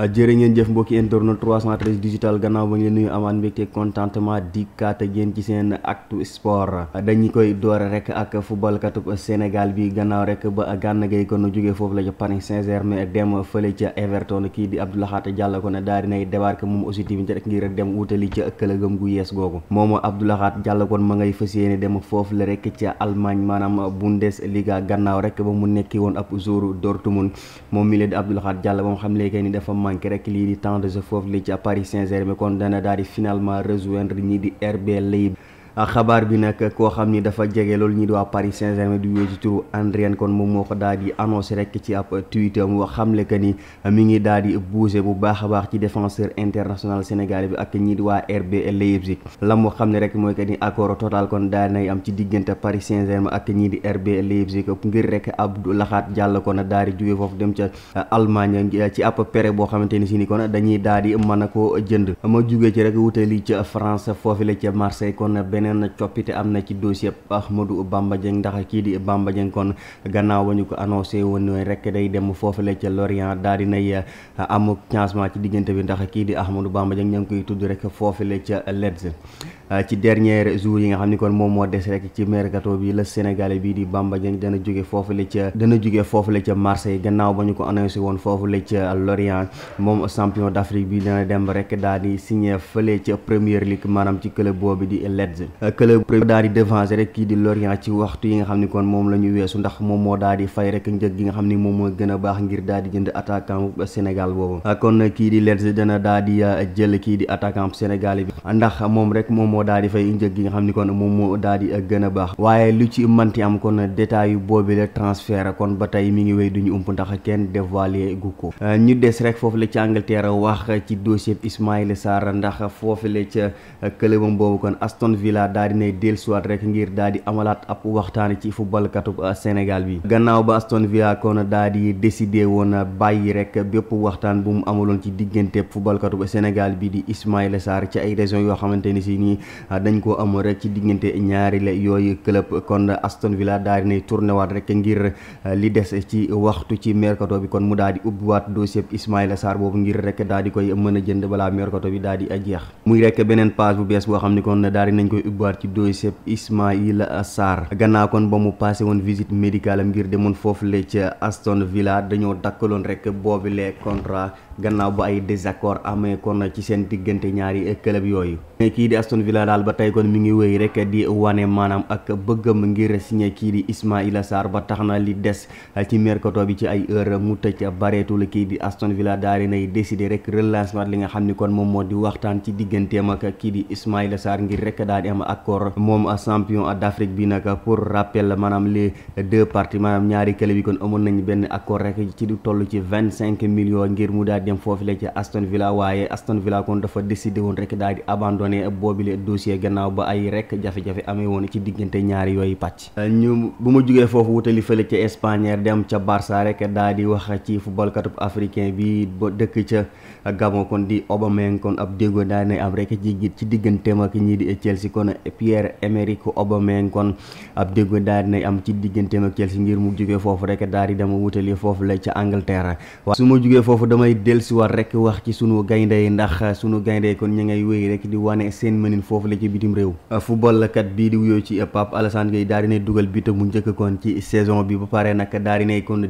Euh, jërë ngeen jëf mbokki internet 313 digital gannaaw ba ngeen nuyu amaat mbégte contentement dikkaat ak yéen ci seen actu sport dañu koy door rek ak footballkatub Sénégal bi gannaaw rek ba Gana Gueye kon jógee la ca Paris saint Everton kii di Abdou Lahat kon daal dinay débarqué moom aussi tamit rek ngir dem wutali ca këlëgëm gu yees googu moom Abdou Lahat kon ma ngay fas dem foofu la rek ca Allemagne maanaam Bundesliga gannaaw rek ba mu nekki woon ab manqué rek lii di temps de foofu li ci Paris Saint-Germain kon dana daal di finalement rejoindre ñii di RB Leipzig Ah, xabaar bi nag koo xam ni dafa jege loolu ñi di waa Paris Saint-Germain di wéy turu Andrien kon moom moo ko daal di annoncé rek ci ab Twitter mu xamle que ni mi ngi daal di bougé bu baax a baax ci défenseur international sénégalais bi ak ñi di waa RB Leipzig la mu xam ne rek mooy que ni accord total kon daa nay am ci diggante Paris Saint-Germain ak ñi di RB Leipzig ngir rek Abdou Lahat Diallo kon daal di jóge foofu dem ca Allemagne eh, ci ab péré boo xamante ni si ni kon dañuy daal di mën koo jënd ma jugee ci rek wutali ca na coppite am na ci dossier Ahmadou Bamba Dieng ndax kii di Bamba Dieng kon gannaaw ba ñu ko annoncé woon rek day dem foofule ca Lorient daal di nay uh, am changement ci diggante bi ndax kii di Ahmadou Bamba Dieng ña ngi koy tudd rek foofule ca Leeds uh, ci dernier jour yi nga xam ni kon moom moo des rek ci mercato bi la Sénégalais bii di Bamba Dieng dana jóge foofule ca dana jóge foofule ca Marseille gannaaw ba ko annoncé woon foofule ca Lorient moom champion d'Afrique bi dana dem rek daal di signé fële ca Premier League maanaam ci club boobu di Leeds Euh, que le prévu daal di devancer rek kii di Lorient ci waxtu yi nga xam ni kon moom la ñu weesu ndax moom moo daal di fay rek njëg gi nga xam ni moom moo gën a baax ngir daal di jënd attaquant Sénégal boobu euh, kon kii di Lens dana daal di euh, jël kii di attaquant Sénégal bi ndax moom rek moom moo daal di fay njëg gi nga xam ni kon moom moo daal di gën a baax waaye lu ci manti am kon détail yu boobi la transfert kon ba tey mi ngi wéy duñu ump ndax kenn dévoilé gu ko ñu des rek foofu la ci Angleterre wax ci dossier Ismaïla Sarr ndax foofu la ca clubam boobu Sylla daal di nay dellusiwaat rek ngir daal di amalaat ab waxtaan ci footballkatu euh, Sénégal bi gannaaw ba Aston Villa kon daal di décidé woon bàyyi rek bépp waxtaan bu mu amaloon ci diggante ba euh, Sénégal bi di Ismaïla saar ci ay raisons yoo xamante ni si nii euh, dañ ko amoon rek ci diggante ñaari la yooyu club kon Aston Villa daal di nay tourné waat rek ngir li des ci waxtu ci mercato bi kon mu daal di ubbiwaat dossier Ismaïla Sarr boobu ngir rek daal di koy mën jënd balaa mercato bi daal Ivoire ci doyseeb Ismaïla Sarr gannaaw kon ba mu passé woon visite médicale am ngir demoon foofule ca Aston Villa dañoo dakkaloon rek boobule contrat gannaaw bu ay désaccord amee kon ci seen diggante ñaari club yooyu. kii di Aston Villa daal ba tey kon mi ngi wéy rek di wane maanaam ak bëggam ngir signé kii di Ismaïla Sarr ba tax na li des ci mercato bi ci ay heure mu tëj bareetul kii di Aston Villa daal di nay décider rek relancement li nga xam ni kon moom moo di waxtaan ci digganteem ak kii di Ismaïla Sarr ngir rek am accord moom champion d'Afrique bi nag pour rappel maanaam les deux parties maanaam ñaari club yi kon amoon nañ benn accord rek ci du toll ci vingt cinq millions ngir mu daal dem foofu la ci Aston Villa waaye Aston Villa kon dafa décidé woon rek daal di abandonné boobile dossier gannaaw ba ay rek jafe-jafe amee woon ci diggante ñaari yooyu pàcc. ñu bu ma jugee foofu wutali fële ca Espagne dem ca Barça rek daal wax ci football katub africain bi dëkk ca Gabon kon di Aubameyang kon ab déggoo Pierre-Emerick Aubameyang kon ab déggoo daal di nay am ci digganteem ak Chelsea ngir mu jógee foofu rek daal di dama wutali foofu la ca Angleterre waaye su ma jógee foofu damay dellusiwaat rek wax ci sunu gaynde yi ndax sunu gaynde yi kon ñu ngay wéy rek di wane seen mënin la ci bitim réew footballkat bii di wuyoo ci Pape Alassane Gueye daal di nay dugal di nay kon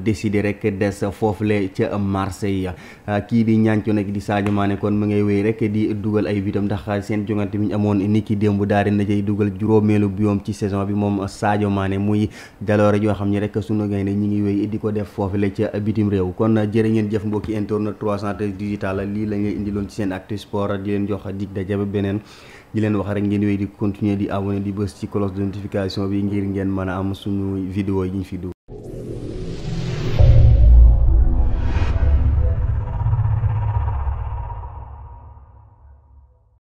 di ñaanco nag di Sadio Mané kon mu ngay wéy rek di dugal ay bitam ndax seen jongante bi ñu amoon ni ki démb daal daal di na jëy dugal juróomeelu biyoom ci saison bi moom Sadio maane muy jaloore joo xam ne rek sunu gaynde ñi ngi wéy di ko def foofu la ca bitim réew kon na jërë ngeen jëf mbokki internet 313 digital lii la ngay indiloon ci seen actu sport di leen jox dig daje ba beneen di leen wax rek ngeen wéy di continuer di abonné di bës ci cloche de notification bi ngir ngeen mën a am suñu vidéo yi ñu fi du